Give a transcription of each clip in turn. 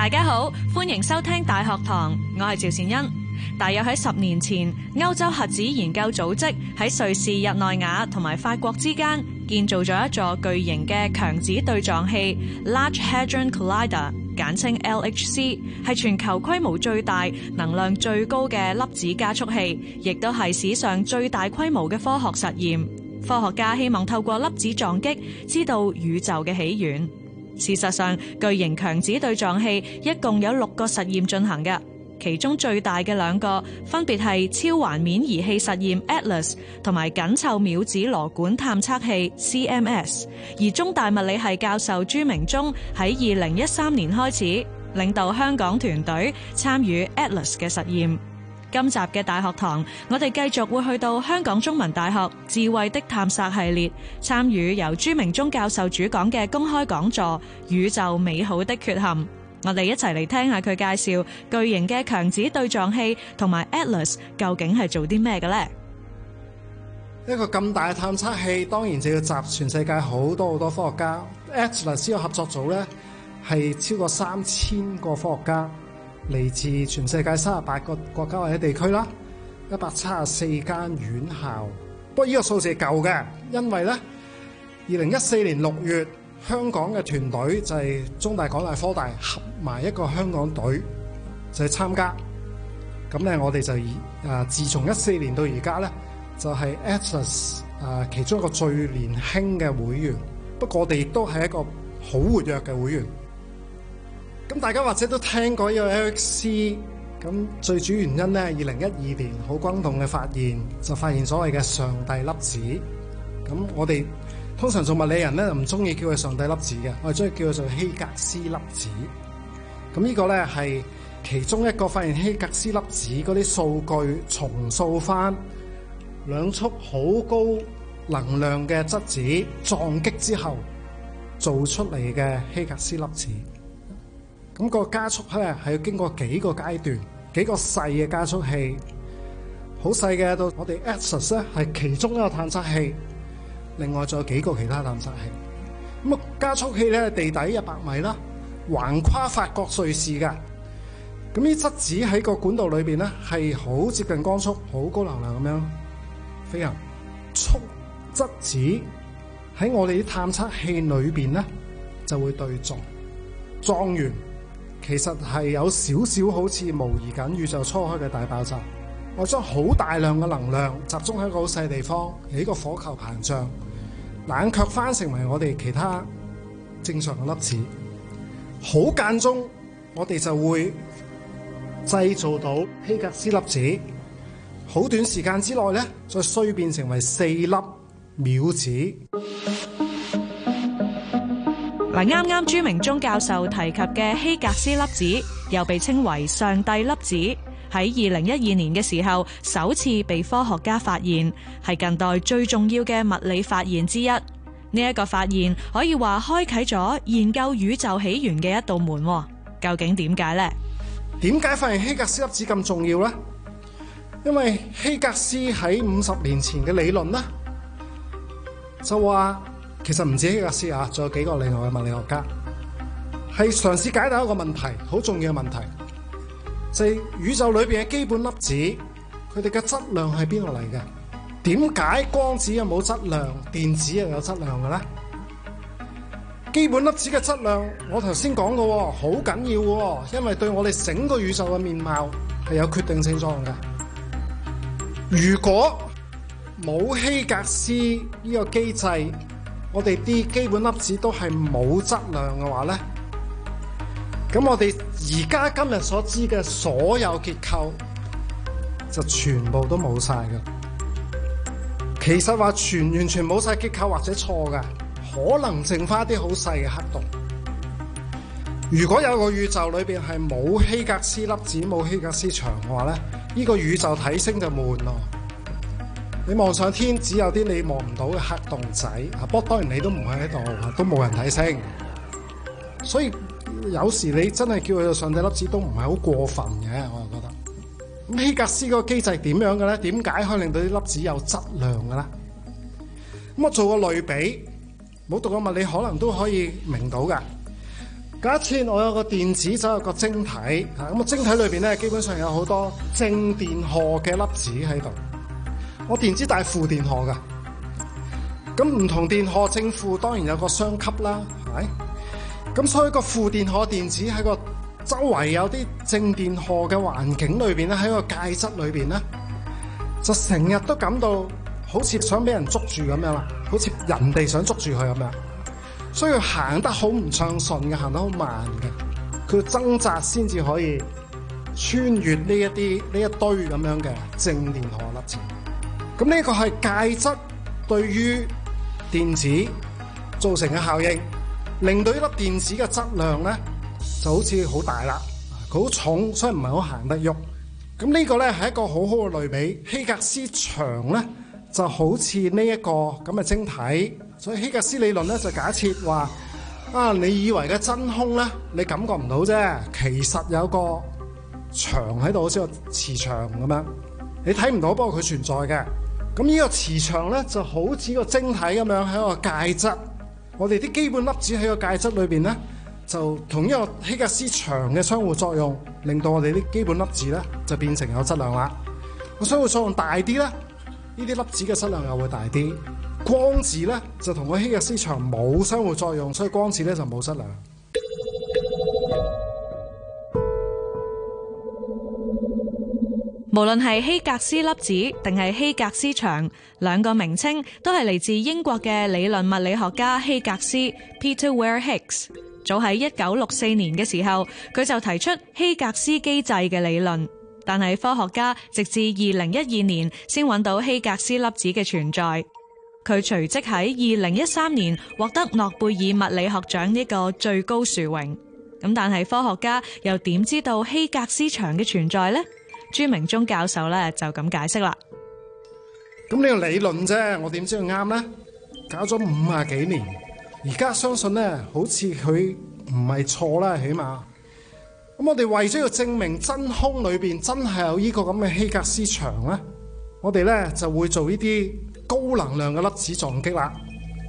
大家好，歡迎收聽大學堂，我係趙善恩。大約喺十年前，歐洲核子研究組織喺瑞士、日內瓦同埋法國之間建造咗一座巨型嘅強子對撞器 （Large Hadron Collider），簡稱 LHC，係全球規模最大、能量最高嘅粒子加速器，亦都係史上最大規模嘅科學實驗。科學家希望透過粒子撞擊，知道宇宙嘅起源。事實上，巨型強子對撞器一共有六個實驗進行嘅，其中最大嘅兩個分別係超環面儀器實驗 ATLAS 同埋緊湊渺子螺管探測器 CMS。而中大物理系教授朱明中喺二零一三年開始領導香港團隊參與 ATLAS 嘅實驗。今集嘅大學堂，我哋繼續會去到香港中文大學智慧的探索系列，參與由朱明忠教授主講嘅公開講座《宇宙美好的缺憾》，我哋一齊嚟聽下佢介紹巨型嘅強子對撞器同埋 Atlas 究竟係做啲咩嘅呢？一個咁大嘅探測器，當然就要集全世界好多好多科學家。Atlas 呢個合作組呢，係超過三千個科學家。嚟自全世界三十八個國家或者地區啦，一百七十四間院校。不過呢個數字係舊嘅，因為咧，二零一四年六月，香港嘅團隊就係中大、港大、科大合埋一個香港隊就係參加。咁咧，我哋就誒自從一四年到而家咧，就係、是、ATLAS 誒、呃、其中一個最年輕嘅會員，不過我哋亦都係一個好活躍嘅會員。咁大家或者都聽過呢個 LHC 咁，最主要原因呢，二零一二年好轟動嘅發現，就發現所謂嘅上帝粒子。咁我哋通常做物理人呢，唔中意叫佢上帝粒子嘅，我哋中意叫佢做希格斯粒子。咁呢個呢，係其中一個發現希格斯粒子嗰啲數據重塑翻兩束好高能量嘅質子撞擊之後做出嚟嘅希格斯粒子。咁個加速咧，係要經過幾個階段，幾個細嘅加速器，好細嘅，到我哋 ATLAS 咧，係其中一個探測器，另外仲有幾個其他探測器。咁、那、啊、個、加速器咧，地底一百米啦，橫跨法國瑞士嘅。咁呢質子喺個管道裏邊咧，係好接近光速，好高流量咁樣飛行，速質子喺我哋啲探測器裏邊咧，就會對撞撞完。其實係有少少好似模擬緊宇宙初開嘅大爆炸，我將好大量嘅能量集中喺個好細地方，喺個火球膨脹，冷卻翻成為我哋其他正常嘅粒子。好間中，我哋就會製造到希格斯粒子。好短時間之內咧，再衰變成為四粒渺子。嗱，啱啱朱明忠教授提及嘅希格斯粒子，又被稱為上帝粒子，喺二零一二年嘅時候首次被科學家發現，係近代最重要嘅物理發現之一。呢一個發現可以話開啟咗研究宇宙起源嘅一道門。究竟點解呢？點解發現希格斯粒子咁重要呢？因為希格斯喺五十年前嘅理論呢，就話。其實唔止希格斯啊，仲有幾個另外嘅物理學家，係嘗試解答一個問題，好重要嘅問題，就係宇宙裏邊嘅基本粒子，佢哋嘅質量係邊度嚟嘅？點解光子又冇質量，電子又有質量嘅咧？基本粒子嘅質量，我頭先講過，好緊要嘅，因為對我哋整個宇宙嘅面貌係有決定性作用嘅。如果冇希格斯呢個機制，我哋啲基本粒子都係冇質量嘅話咧，咁我哋而家今日所知嘅所有結構就全部都冇晒噶。其實話全完全冇晒結構或者錯噶，可能剩返啲好細嘅黑洞。如果有個宇宙裏邊係冇希格斯粒子、冇希格斯場嘅話咧，呢、呢個宇宙睇升就悶咯。你望上天，只有啲你望唔到嘅黑洞仔。啊，不過當然你都唔喺度，都冇人睇星。所以有時你真係叫佢做上帝粒子都唔係好過分嘅，我就覺得。咁希格斯個機制點樣嘅咧？點解可以令到啲粒子有質量嘅咧？咁我做個類比，冇讀過物理可能都可以明到㗎。假設我有個電子走入個晶體，嚇咁個晶體裏邊咧，基本上有好多正電荷嘅粒子喺度。我電子帶負電荷嘅，咁唔同電荷正負當然有個相吸啦，係咁，所以個負電荷電子喺個周圍有啲正電荷嘅環境裏面，咧，喺個介質裏面咧，就成日都感到好似想俾人捉住咁樣啦，好似人哋想捉住佢咁樣，所以佢行得好唔暢順嘅，行得好慢嘅，佢要掙扎先至可以穿越呢一啲呢一堆咁樣嘅正電荷粒子。咁呢個係介質對於電子造成嘅效應，令到呢粒電子嘅質量咧就好似好大啦，佢好重，所以唔係好行得喐。咁呢個咧係一個好好嘅類比，希格斯場咧就好似呢一個咁嘅晶體。所以希格斯理論咧就假設話，啊你以為嘅真空咧，你感覺唔到啫，其實有個場喺度，好似個磁場咁樣，你睇唔到，不過佢存在嘅。咁呢個磁場咧，就好似個晶體咁樣喺個介質，我哋啲基本粒子喺個介質裏邊咧，就同一個希格斯場嘅相互作用，令到我哋啲基本粒子咧就變成有質量啦。個相互作用大啲咧，呢啲粒子嘅質量又會大啲。光子咧就同個希格斯場冇相互作用，所以光子咧就冇質量。無論係希格斯粒子定係希格斯場，兩個名稱都係嚟自英國嘅理論物理學家希格斯 Peter Ware Higgs。早喺一九六四年嘅時候，佢就提出希格斯機制嘅理論，但係科學家直至二零一二年先揾到希格斯粒子嘅存在。佢隨即喺二零一三年獲得諾貝爾物理學獎呢個最高殊榮。咁但係科學家又點知道希格斯場嘅存在呢？朱明中教授咧就咁解釋啦。咁呢個理論啫，我點知佢啱咧？搞咗五啊幾年，而家相信咧，好似佢唔係錯啦，起碼。咁我哋為咗要證明真空裏邊真係有呢個咁嘅希格斯場咧，我哋咧就會做呢啲高能量嘅粒子撞擊啦。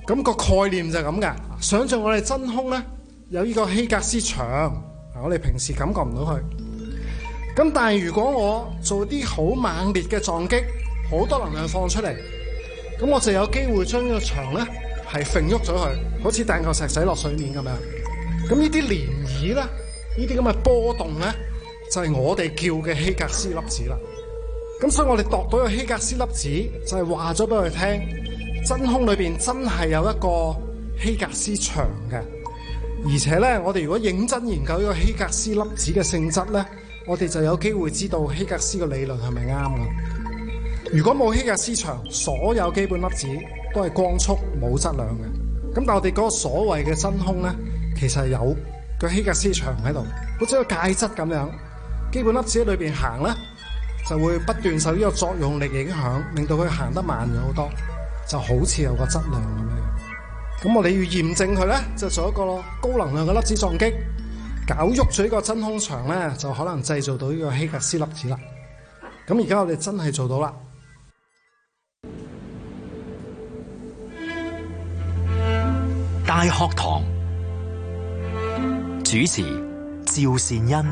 咁個概念就係咁嘅，想象我哋真空咧有呢個希格斯場，我哋平時感覺唔到佢。咁但係如果我做啲好猛烈嘅撞擊，好多能量放出嚟，咁我就有機會將呢個牆咧係揈喐咗佢，好似彈嚿石仔落水面咁樣。咁呢啲漣漪咧，呢啲咁嘅波動咧，就係我哋叫嘅希格斯粒子啦。咁所以我哋度到一個希格斯粒子，就係話咗俾佢聽，真空裏邊真係有一個希格斯牆嘅。而且咧，我哋如果認真研究呢個希格斯粒子嘅性質咧，我哋就有機會知道希格斯嘅理論係咪啱啦？如果冇希格斯場，所有基本粒子都係光速冇質量嘅。咁但我哋嗰個所謂嘅真空咧，其實係有個希格斯場喺度，好似個介質咁樣。基本粒子喺裏邊行咧，就會不斷受呢個作用力影響，令到佢行得慢咗好多，就好似有個質量咁樣。咁我哋要驗證佢咧，就做一個囉，高能量嘅粒子撞擊。搞喐咗個真空場呢，就可能製造到呢個希格斯粒子啦。咁而家我哋真係做到啦！大學堂主持趙善恩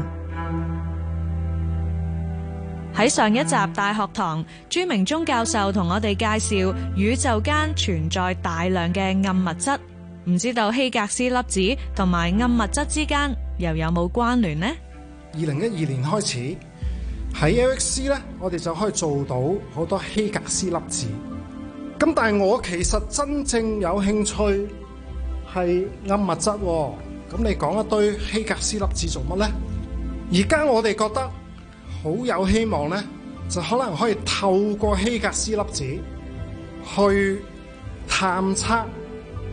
喺上一集大學堂，朱明忠教授同我哋介紹宇宙間存在大量嘅暗物質，唔知道希格斯粒子同埋暗物質之間又有冇關聯呢？二零一二年開始喺 LHC 咧，我哋就可以做到好多希格斯粒子。咁但係我其實真正有興趣係暗物質喎。咁你講一堆希格斯粒子做乜呢？而家我哋覺得好有希望咧，就可能可以透過希格斯粒子去探測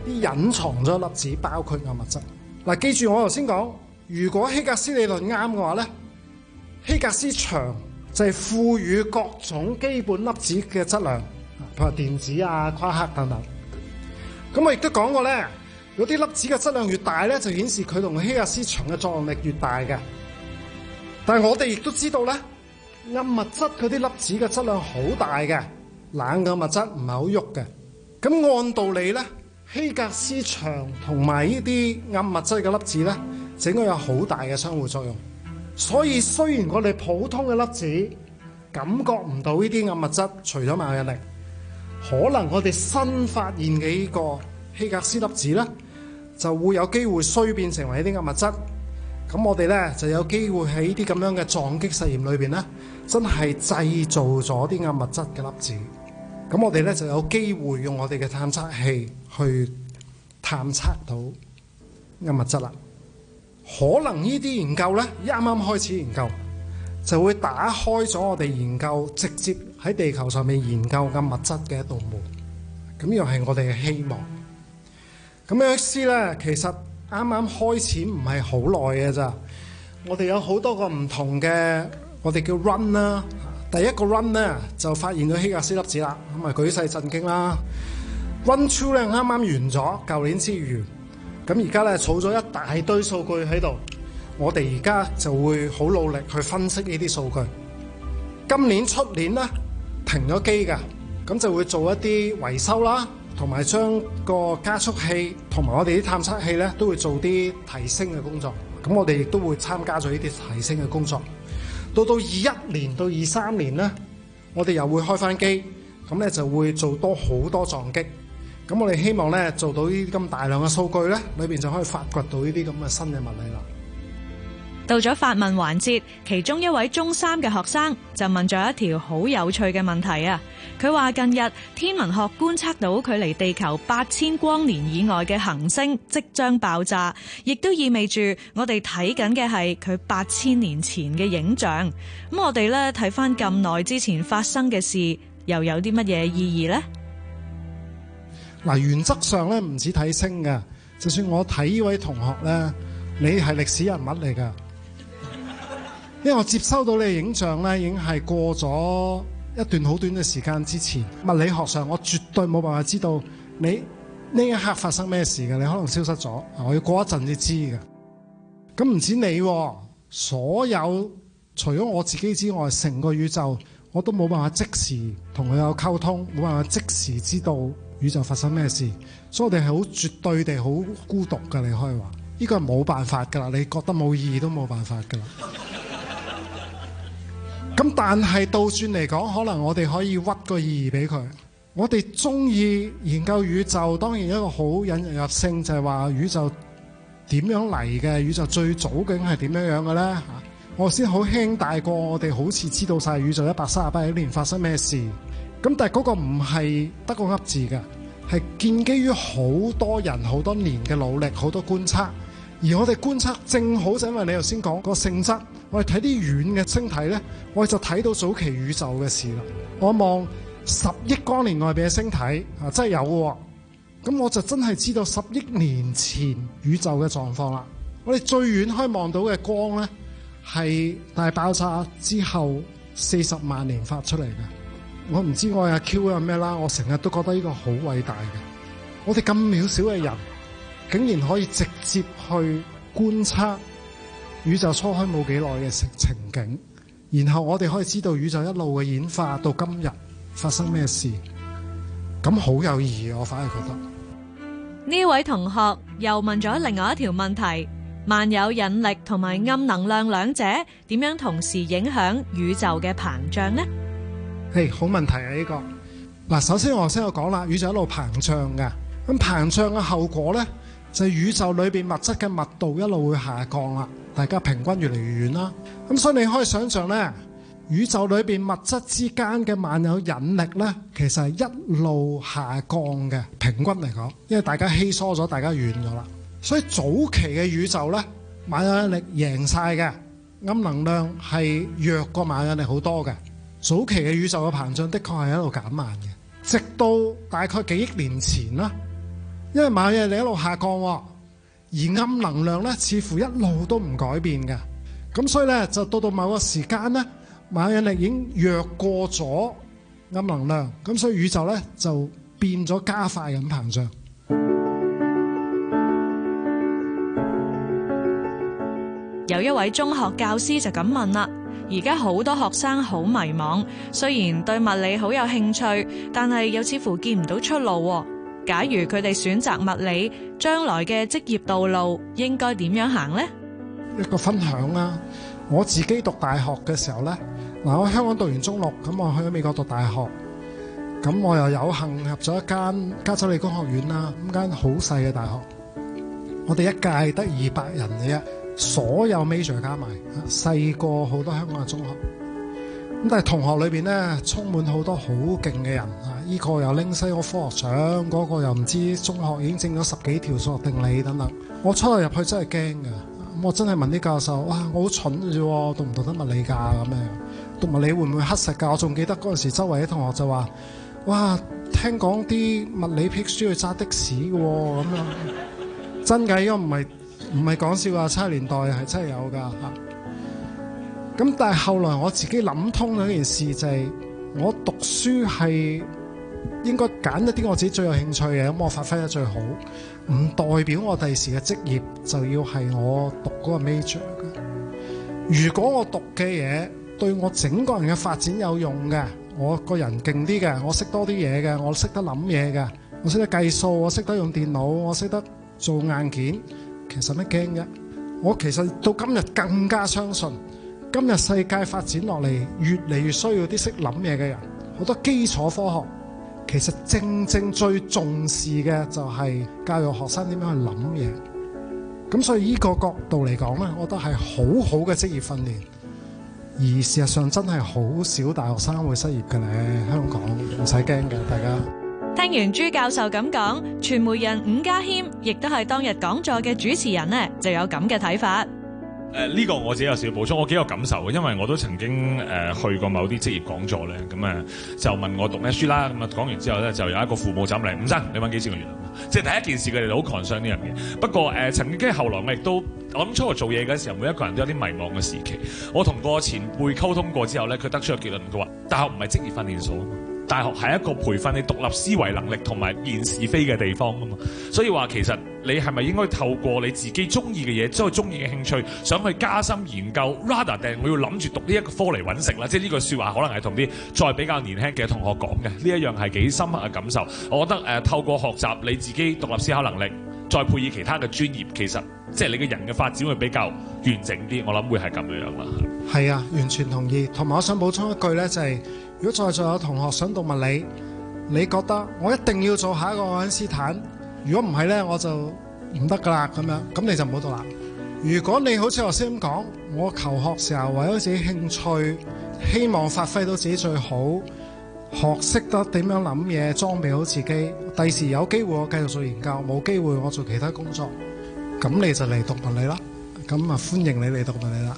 啲隱藏咗粒子，包括暗物質。嗱，記住我頭先講。如果希格斯理論啱嘅話咧，希格斯場就係賦予各種基本粒子嘅質量，譬如電子啊、夸克等等。咁我亦都講過咧，有啲粒子嘅質量越大咧，就顯示佢同希格斯場嘅作用力越大嘅。但係我哋亦都知道咧，暗物質嗰啲粒子嘅質量好大嘅，冷暗物質唔係好喐嘅。咁按道理咧，希格斯場同埋呢啲暗物質嘅粒子咧。整個有好大嘅相互作用，所以雖然我哋普通嘅粒子感覺唔到呢啲暗物質，除咗萬有引力，可能我哋新發現嘅呢個希格斯粒子咧，就會有機會衰變成為呢啲暗物質。咁我哋咧就有機會喺呢啲咁樣嘅撞擊實驗裏邊咧，真係製造咗啲暗物質嘅粒子。咁我哋咧就有機會用我哋嘅探測器去探測到暗物質啦。可能呢啲研究呢，啱啱開始研究，就會打開咗我哋研究直接喺地球上面研究嘅物質嘅一道門。咁又係我哋嘅希望。咁樣試呢，其實啱啱開始唔係好耐嘅咋。我哋有好多個唔同嘅，我哋叫 run 啦。第一個 run 呢，就發現咗希格斯粒子啦，咁咪舉世震驚啦。Run two 呢，啱啱完咗，舊年之餘。咁而家呢，儲咗一大堆數據喺度，我哋而家就會好努力去分析呢啲數據。今年出年呢，停咗機噶，咁就會做一啲維修啦，同埋將個加速器同埋我哋啲探測器呢，都會做啲提升嘅工作。咁我哋亦都會參加咗呢啲提升嘅工作。到到二一年到二三年呢，我哋又會開返機，咁呢就會做多好多撞擊。咁我哋希望咧做到呢啲咁大量嘅數據咧，裏邊就可以發掘到呢啲咁嘅新嘅物理啦。到咗發問環節，其中一位中三嘅學生就問咗一條好有趣嘅問題啊！佢話近日天文學觀測到距離地球八千光年以外嘅行星即將爆炸，亦都意味住我哋睇緊嘅係佢八千年前嘅影像。咁我哋咧睇翻咁耐之前發生嘅事，又有啲乜嘢意義呢？嗱，原則上咧唔止睇清嘅。就算我睇呢位同學呢，你係歷史人物嚟噶，因為我接收到你嘅影像呢，已經係過咗一段好短嘅時間之前。物理學上，我絕對冇辦法知道你呢一刻發生咩事嘅，你可能消失咗。我要過一陣先知嘅。咁唔止你，所有除咗我自己之外，成個宇宙我都冇辦法即時同佢有溝通，冇辦法即時知道。宇宙發生咩事？所以我哋係好絕對地好孤獨㗎。你可以話，呢個係冇辦法㗎啦。你覺得冇意義都冇辦法㗎啦。咁 但係倒轉嚟講，可能我哋可以屈個意義俾佢。我哋中意研究宇宙，當然一個好引人入勝就係、是、話宇宙點樣嚟嘅？宇宙最早究竟係點樣樣嘅呢？我先好輕大過我哋，好似知道晒宇宙一百三十八億年發生咩事。咁但係嗰個唔係得個噏字嘅，係建基於好多人好多年嘅努力，好多觀察。而我哋觀察正好就因為你頭先講個性質，我哋睇啲遠嘅星體呢，我哋就睇到早期宇宙嘅事啦。我望十億光年外邊嘅星體啊，真係有喎。咁我就真係知道十億年前宇宙嘅狀況啦。我哋最遠可以望到嘅光呢，係大爆炸之後四十萬年發出嚟嘅。我唔知我阿 Q 啊咩啦，我成日都覺得呢個好偉大嘅。我哋咁渺小嘅人，竟然可以直接去觀測宇宙初開冇幾耐嘅情景，然後我哋可以知道宇宙一路嘅演化到今日發生咩事，咁好有意義。我反而覺得呢位同學又問咗另外一條問題：萬有引力同埋暗能量兩者點樣同時影響宇宙嘅膨脹呢？嘿，hey，好問題啊！呢個嗱，首先我先我講啦，宇宙一路膨脹嘅，咁膨脹嘅後果呢，就係宇宙裏面物質嘅密度一路會下降啦。大家平均越嚟越遠啦，咁所以你可以想象呢，宇宙裏面物質之間嘅萬有引力呢，其實係一路下降嘅，平均嚟講，因為大家稀疏咗，大家遠咗啦。所以早期嘅宇宙呢，萬有引力贏晒嘅，暗能量係弱過萬有引力好多嘅。早期嘅宇宙嘅膨脹，的確係一路減慢嘅，直到大概幾億年前啦。因為萬有引力一路下降，而暗能量咧，似乎一路都唔改變嘅。咁所以咧，就到到某個時間咧，萬有引力已經弱過咗暗能量，咁所以宇宙咧就變咗加快咁膨脹。有一位中學教師就咁問啦。而家好多學生好迷茫，雖然對物理好有興趣，但係又似乎見唔到出路。假如佢哋選擇物理，將來嘅職業道路應該點樣行呢？一個分享啦，我自己讀大學嘅時候呢，嗱，我喺香港讀完中六，咁我去咗美國讀大學，咁我又有幸入咗一間加州理工學院啦，咁間好細嘅大學，我哋一屆得二百人嘅。所有 major 加埋，細、啊、過好多香港嘅中學。咁但係同學裏邊呢，充滿好多好勁嘅人。呢、啊、個又拎西，個科學獎，嗰個又唔知中學已經證咗十幾條數學定理等等。我初頭入去真係驚㗎。我真係問啲教授：哇，我好蠢啫喎，我讀唔讀得物理㗎？咁樣讀物理會唔會乞食㗎？我仲記得嗰陣時，周圍啲同學就話：哇，聽講啲物理 pick 書去揸的士㗎喎，咁、啊、樣真㗎？因為唔係。唔係講笑啊！七十年代係真係有噶嚇。咁但係後來我自己諗通咗一件事，就係，就係我讀書係應該揀一啲我自己最有興趣嘅，咁我發揮得最好。唔代表我第時嘅職業就要係我讀嗰個 major。如果我讀嘅嘢對我整個人嘅發展有用嘅，我個人勁啲嘅，我識多啲嘢嘅，我識得諗嘢嘅，我識得計數，我識得用電腦，我識得做硬件。其實乜驚嘅？我其實到今日更加相信，今日世界發展落嚟越嚟越需要啲識諗嘢嘅人。好多基礎科學其實正正最重視嘅就係教育學生點樣去諗嘢。咁所以呢個角度嚟講呢，我覺得係好好嘅職業訓練。而事實上真係好少大學生會失業嘅咧，香港唔使驚嘅，大家。聽完朱教授咁講，傳媒人伍家謙亦都係當日講座嘅主持人呢，就有咁嘅睇法。誒，呢個我自己有少少補充，我幾有感受嘅，因為我都曾經誒去過某啲職業講座咧，咁啊就問我讀咩書啦，咁啊講完之後咧就有一個父母走嚟，伍生你搵幾錢個月糧，即係第一件事佢哋好 concern 呢樣嘢。不過誒，曾經後來我亦都，我諗初頭做嘢嘅時候，每一個人都有啲迷茫嘅時期。我同個前輩溝通過之後咧，佢得出個結論，佢話大學唔係職業訓練所。大學係一個培訓你獨立思維能力同埋辨是非嘅地方㗎嘛，所以話其實你係咪應該透過你自己中意嘅嘢，即係中意嘅興趣，想去加深研究，rather 定我要諗住讀呢一個科嚟揾食啦？即係呢句説話可能係同啲再比較年輕嘅同學講嘅，呢一樣係幾深刻嘅感受。我覺得誒，透過學習你自己獨立思考能力，再配以其他嘅專業，其實即係你嘅人嘅發展會比較完整啲。我諗會係咁樣樣啦。係啊，完全同意。同埋我想補充一句呢，就係、是。如果在座有同學想讀物理，你覺得我一定要做下一個愛因斯坦？如果唔係呢，我就唔得噶㗎啦咁樣。咁你就唔好讀啦。如果你好似頭先咁講，我求學時候為咗自己興趣，希望發揮到自己最好，學識得點樣諗嘢，裝備好自己，第時有機會我繼續做研究，冇機會我做其他工作，咁你就嚟讀物理啦。咁啊，歡迎你嚟讀物理啦。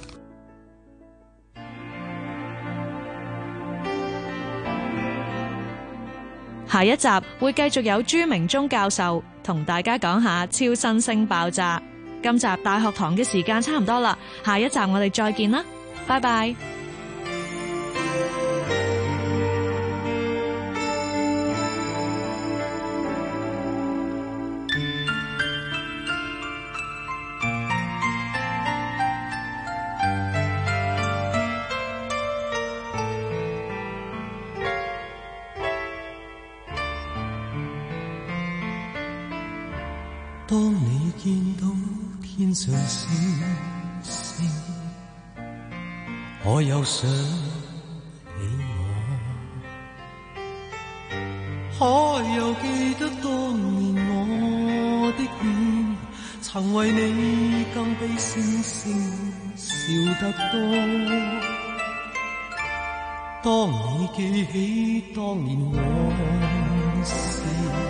下一集會繼續有朱明忠教授同大家講下超新星爆炸。今集大學堂嘅時間差唔多啦，下一集我哋再見啦，拜拜。勾想起我，可有記得當年我的臉，曾為你更比星星笑得多。當你記起當年往事。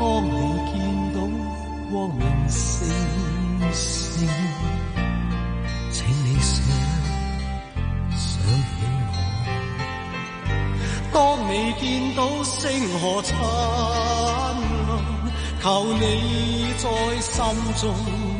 當你見到光明星星，請你想想起我。當你見到星河燦爛，求你在心中。